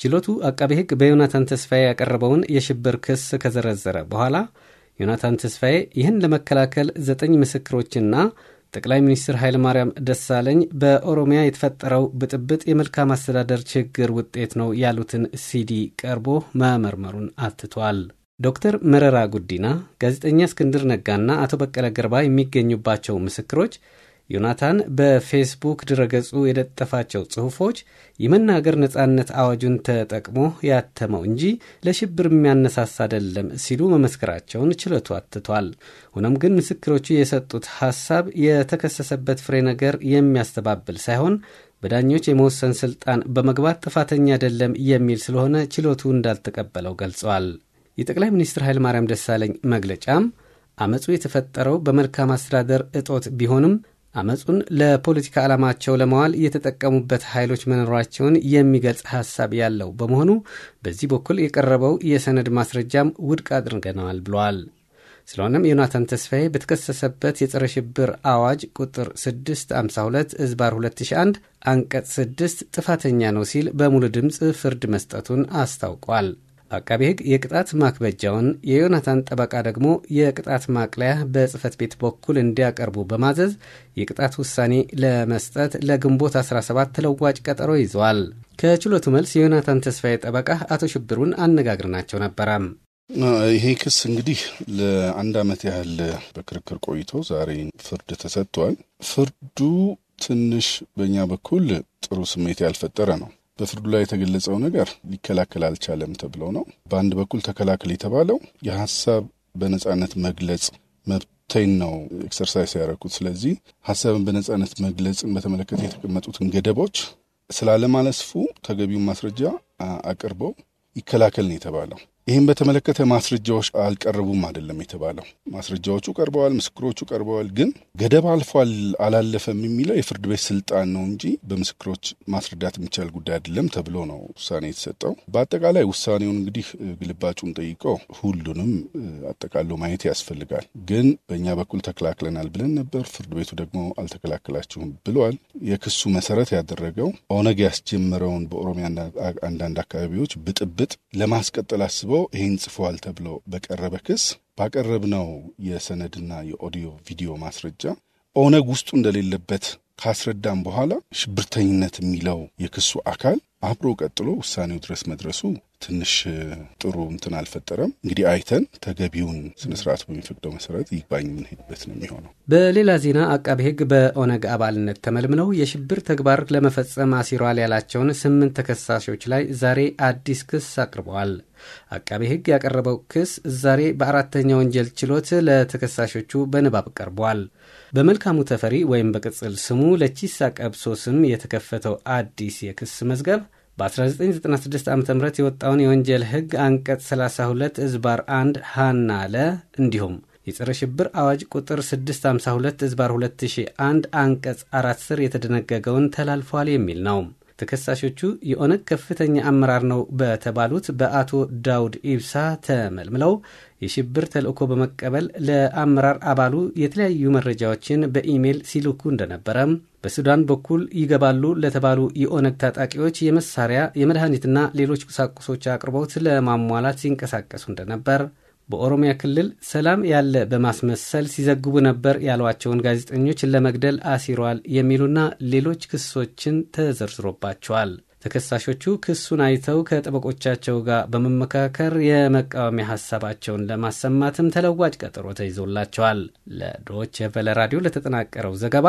ችሎቱ አቃቤ ሕግ በዮናታን ተስፋዬ ያቀረበውን የሽብር ክስ ከዘረዘረ በኋላ ዮናታን ተስፋዬ ይህን ለመከላከል ዘጠኝ ምስክሮችና ጠቅላይ ሚኒስትር ኃይለማርያም ደሳለኝ በኦሮሚያ የተፈጠረው ብጥብጥ የመልካም አስተዳደር ችግር ውጤት ነው ያሉትን ሲዲ ቀርቦ መመርመሩን አትቷል። ዶክተር መረራ ጉዲና፣ ጋዜጠኛ እስክንድር ነጋና አቶ በቀለ ገርባ የሚገኙባቸው ምስክሮች ዮናታን በፌስቡክ ድረገጹ የለጠፋቸው ጽሑፎች የመናገር ነጻነት አዋጁን ተጠቅሞ ያተመው እንጂ ለሽብር የሚያነሳሳ አይደለም ሲሉ መመስከራቸውን ችሎቱ አትቷል። ሆኖም ግን ምስክሮቹ የሰጡት ሐሳብ የተከሰሰበት ፍሬ ነገር የሚያስተባብል ሳይሆን በዳኞች የመወሰን ስልጣን በመግባት ጥፋተኛ አይደለም የሚል ስለሆነ ችሎቱ እንዳልተቀበለው ገልጿል። የጠቅላይ ሚኒስትር ማርያም ደሳለኝ መግለጫም አመፁ የተፈጠረው በመልካም አስተዳደር እጦት ቢሆንም አመፁን ለፖለቲካ ዓላማቸው ለመዋል የተጠቀሙበት ኃይሎች መኖራቸውን የሚገልጽ ሀሳብ ያለው በመሆኑ በዚህ በኩል የቀረበው የሰነድ ማስረጃም ውድቅ አድርገነዋል ብለዋል። ስለሆነም ዮናታን ተስፋዬ በተከሰሰበት የጸረ ሽብር አዋጅ ቁጥር 652 እዝባር 2001 አንቀጽ 6 ጥፋተኛ ነው ሲል በሙሉ ድምፅ ፍርድ መስጠቱን አስታውቋል። አቃቤ ሕግ የቅጣት ማክበጃውን የዮናታን ጠበቃ ደግሞ የቅጣት ማቅለያ በጽህፈት ቤት በኩል እንዲያቀርቡ በማዘዝ የቅጣት ውሳኔ ለመስጠት ለግንቦት 17 ተለዋጭ ቀጠሮ ይዘዋል። ከችሎቱ መልስ የዮናታን ተስፋዬ ጠበቃ አቶ ሽብሩን አነጋግርናቸው ነበረም። ይሄ ክስ እንግዲህ ለአንድ ዓመት ያህል በክርክር ቆይቶ ዛሬ ፍርድ ተሰጥቷል። ፍርዱ ትንሽ በእኛ በኩል ጥሩ ስሜት ያልፈጠረ ነው። በፍርዱ ላይ የተገለጸው ነገር ሊከላከል አልቻለም ተብለው ነው። በአንድ በኩል ተከላከል የተባለው የሀሳብ በነጻነት መግለጽ መብቴን ነው ኤክሰርሳይዝ ያደረኩት። ስለዚህ ሀሳብን በነጻነት መግለጽን በተመለከተ የተቀመጡትን ገደቦች ስላለማለስፉ ተገቢውን ማስረጃ አቅርበው ይከላከል ነው የተባለው። ይህም በተመለከተ ማስረጃዎች አልቀረቡም አይደለም የተባለው። ማስረጃዎቹ ቀርበዋል፣ ምስክሮቹ ቀርበዋል። ግን ገደብ አልፏል አላለፈም የሚለው የፍርድ ቤት ስልጣን ነው እንጂ በምስክሮች ማስረዳት የሚቻል ጉዳይ አይደለም ተብሎ ነው ውሳኔ የተሰጠው። በአጠቃላይ ውሳኔውን እንግዲህ ግልባጩን ጠይቆ ሁሉንም አጠቃሎ ማየት ያስፈልጋል። ግን በእኛ በኩል ተከላክለናል ብለን ነበር፣ ፍርድ ቤቱ ደግሞ አልተከላከላችሁም ብሏል። የክሱ መሰረት ያደረገው ኦነግ ያስጀመረውን በኦሮሚያ አንዳንድ አካባቢዎች ብጥብጥ ለማስቀጠል አስበው ይህን ጽፏል ተብሎ በቀረበ ክስ ባቀረብነው የሰነድና የኦዲዮ ቪዲዮ ማስረጃ ኦነግ ውስጡ እንደሌለበት ካስረዳም በኋላ ሽብርተኝነት የሚለው የክሱ አካል አብሮ ቀጥሎ ውሳኔው ድረስ መድረሱ ትንሽ ጥሩ እንትን አልፈጠረም። እንግዲህ አይተን ተገቢውን ስነስርዓት በሚፈቅደው መሰረት ይግባኝ የምንሄድበት ነው የሚሆነው። በሌላ ዜና አቃቤ ሕግ በኦነግ አባልነት ተመልምለው የሽብር ተግባር ለመፈጸም አሲሯል ያላቸውን ስምንት ተከሳሾች ላይ ዛሬ አዲስ ክስ አቅርበዋል። አቃቤ ሕግ ያቀረበው ክስ ዛሬ በአራተኛ ወንጀል ችሎት ለተከሳሾቹ በንባብ ቀርቧል። በመልካሙ ተፈሪ ወይም በቅጽል ስሙ ለቺሳ ቀብሶ ስም የተከፈተው አዲስ የክስ መዝገብ በ1996 ዓ ም የወጣውን የወንጀል ሕግ አንቀጽ 32 እዝባር 1 ሃና ለ እንዲሁም የጸረ ሽብር አዋጅ ቁጥር 652 እዝባር 2001 አንቀጽ 4 ስር የተደነገገውን ተላልፏል የሚል ነው። ተከሳሾቹ የኦነግ ከፍተኛ አመራር ነው በተባሉት በአቶ ዳውድ ኢብሳ ተመልምለው የሽብር ተልእኮ በመቀበል ለአመራር አባሉ የተለያዩ መረጃዎችን በኢሜይል ሲልኩ እንደነበረ በሱዳን በኩል ይገባሉ ለተባሉ የኦነግ ታጣቂዎች የመሳሪያ የመድኃኒትና ሌሎች ቁሳቁሶች አቅርቦት ለማሟላት ሲንቀሳቀሱ እንደነበር በኦሮሚያ ክልል ሰላም ያለ በማስመሰል ሲዘግቡ ነበር ያሏቸውን ጋዜጠኞች ለመግደል አሲሯል የሚሉና ሌሎች ክሶችን ተዘርዝሮባቸዋል። ተከሳሾቹ ክሱን አይተው ከጠበቆቻቸው ጋር በመመካከር የመቃወሚያ ሀሳባቸውን ለማሰማትም ተለዋጭ ቀጠሮ ተይዞላቸዋል። ለዶች ቨለ ራዲዮ ለተጠናቀረው ዘገባ